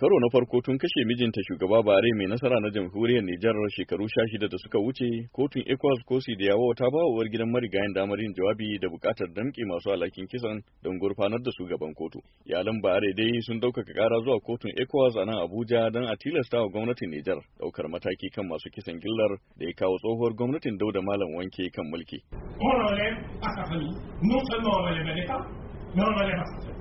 karo na farko tun kashe mijinta shugaba bare mai nasara na jamhuriyar Nijar shekaru sha shida da suka wuce kotun ECOWAS kosi da yawo ta ba uwar gidan marigayen damar yin jawabi da bukatar damƙe masu alhakin kisan don gurfanar da su kotu. Iyalan bare dai sun ɗaukaka ƙara zuwa kotun ECOWAS a nan Abuja don a tilasta wa gwamnatin Nijar ɗaukar mataki kan masu kisan gillar da ya kawo tsohuwar gwamnatin Dauda Malam Wanke kan mulki.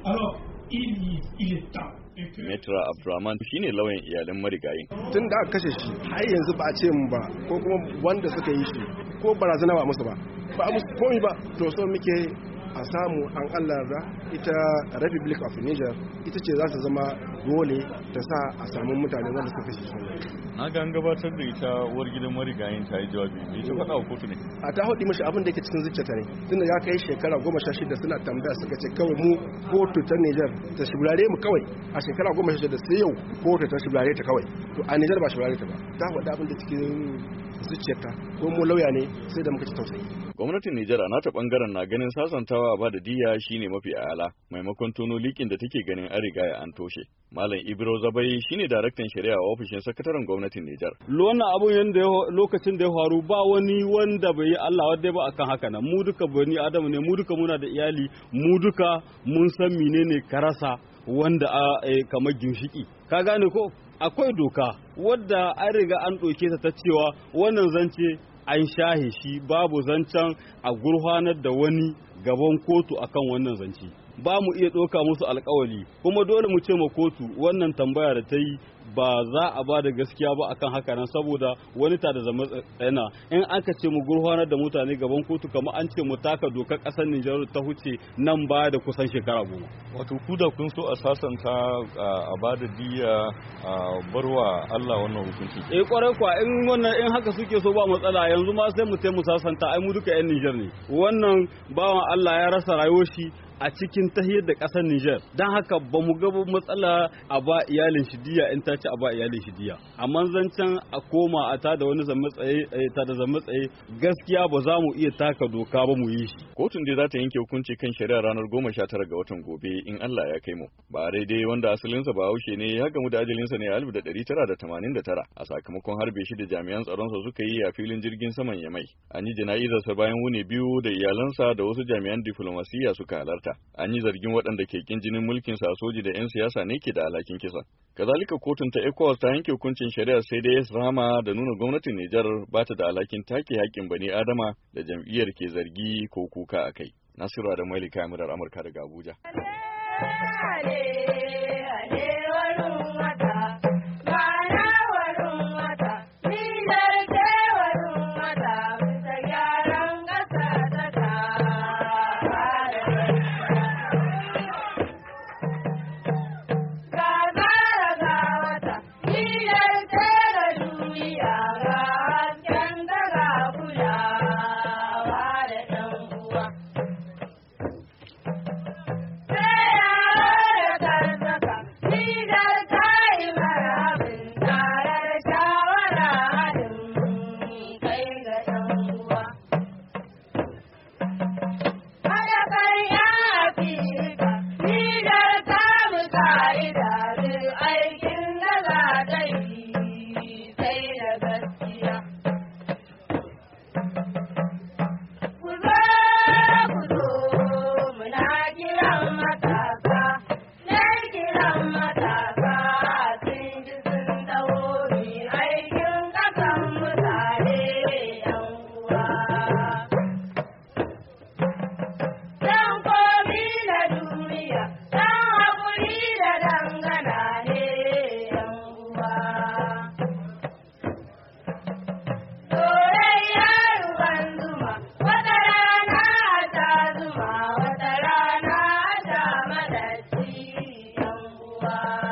Alors, il, il est temps Metra Abdurrahman shine lauyan iyalan marigayin. Tun da aka kashe shi har yanzu ba a ce mu ba ko kuma wanda suka yi shi ko barazana ba musu ba ba musu komi ba to so muke a samu an allara ita republic of niger ita ce za ta zama dole ta sa a samu mutane wanda suka fashe suna na ga an gabatar da ita uwar gidan marigayin ta yi jawabi ne ta faɗa wa kotu ne a ta haɗi mashi abin da yake cikin ta ne tunda ya kai shekara goma sha shida suna tambaya suka ce kawai mu kotu ta niger ta shibirare mu kawai a shekara goma sha shida sai yau kotu ta shibirare ta kawai to a niger ba shibirare ta ba ta faɗa abin da cikin zuciyarta ko mu lauya ne sai da muka ci tausayi gwamnatin Nijar a nata bangaren na ganin sasantawa ba da diya shine mafi ala maimakon tono likin da take ganin an riga ya an toshe. Malam Ibro Zabai shine daraktan shari'a a ofishin sakataren gwamnatin Nijar. Wannan abun yanda lokacin da ya faru ba wani wanda bai yi Allah wadda ba akan haka nan mu duka bani Adamu ne mu duka muna da iyali mu duka mun san menene karasa wanda a eh, kamar ginshiki ka gane ko akwai doka wadda an riga an ɗauke ta ta cewa wannan zance an shahe shi babu zancen a gurhanar da wani gaban kotu akan wannan zance ba mu iya ɗauka musu alkawali kuma dole mu ce ma kotu wannan tambaya da ta yi ba za a ba da gaskiya ba akan haka nan saboda wani ta da zama tsena in aka ce mu gurfanar da mutane gaban kotu kamar an ce mu taka dokar ƙasar Nijar ta huce nan baya da kusan shekara goma. wato ku da kun so a sasanta a ba da diya a barwa Allah wannan hukunci eh kwarai kwa in wannan in haka suke so ba matsala yanzu ma sai mu sai mu sasanta ai mu duka yan Niger ne wannan bawan Allah ya rasa rayuwar shi a cikin tahiyar da ƙasar Nijar dan haka ba mu gaba matsala a ba iyalin shi diya in ta ci a ba iyalin shi diya amma zancen a koma a ta da wani tsaye eh, ta da tsaye gaskiya ba za mu iya taka doka ba mu yi shi kotun dai za ta yanke hukunci kan shari'a ranar goma sha tara ga watan gobe in Allah ya kai mu. Ba daidai wanda asalinsa Bahaushe ne ya gamu da ajalinsa ne a 1989 a sakamakon harbe shi da jami'an tsaron sa suka yi a filin jirgin saman Yamai. An yi jana'izarsa bayan wuni biyu da iyalansa da wasu jami'an diflomasiyya suka halarta. An yi zargin waɗanda ke kin jinin mulkin sa soji da 'yan siyasa ne ke da alhakin kisa. Kazalika kotun ta ECOWAS ta yanke hukuncin shari'a sai dai Rama da nuna gwamnatin Nijar ba ta da alhakin take haƙƙin bani Adama da jam'iyyar ke zargi ko kuka a kai. Nasiru da Maili Kamilar Amurka daga Abuja. Hare sair Bye.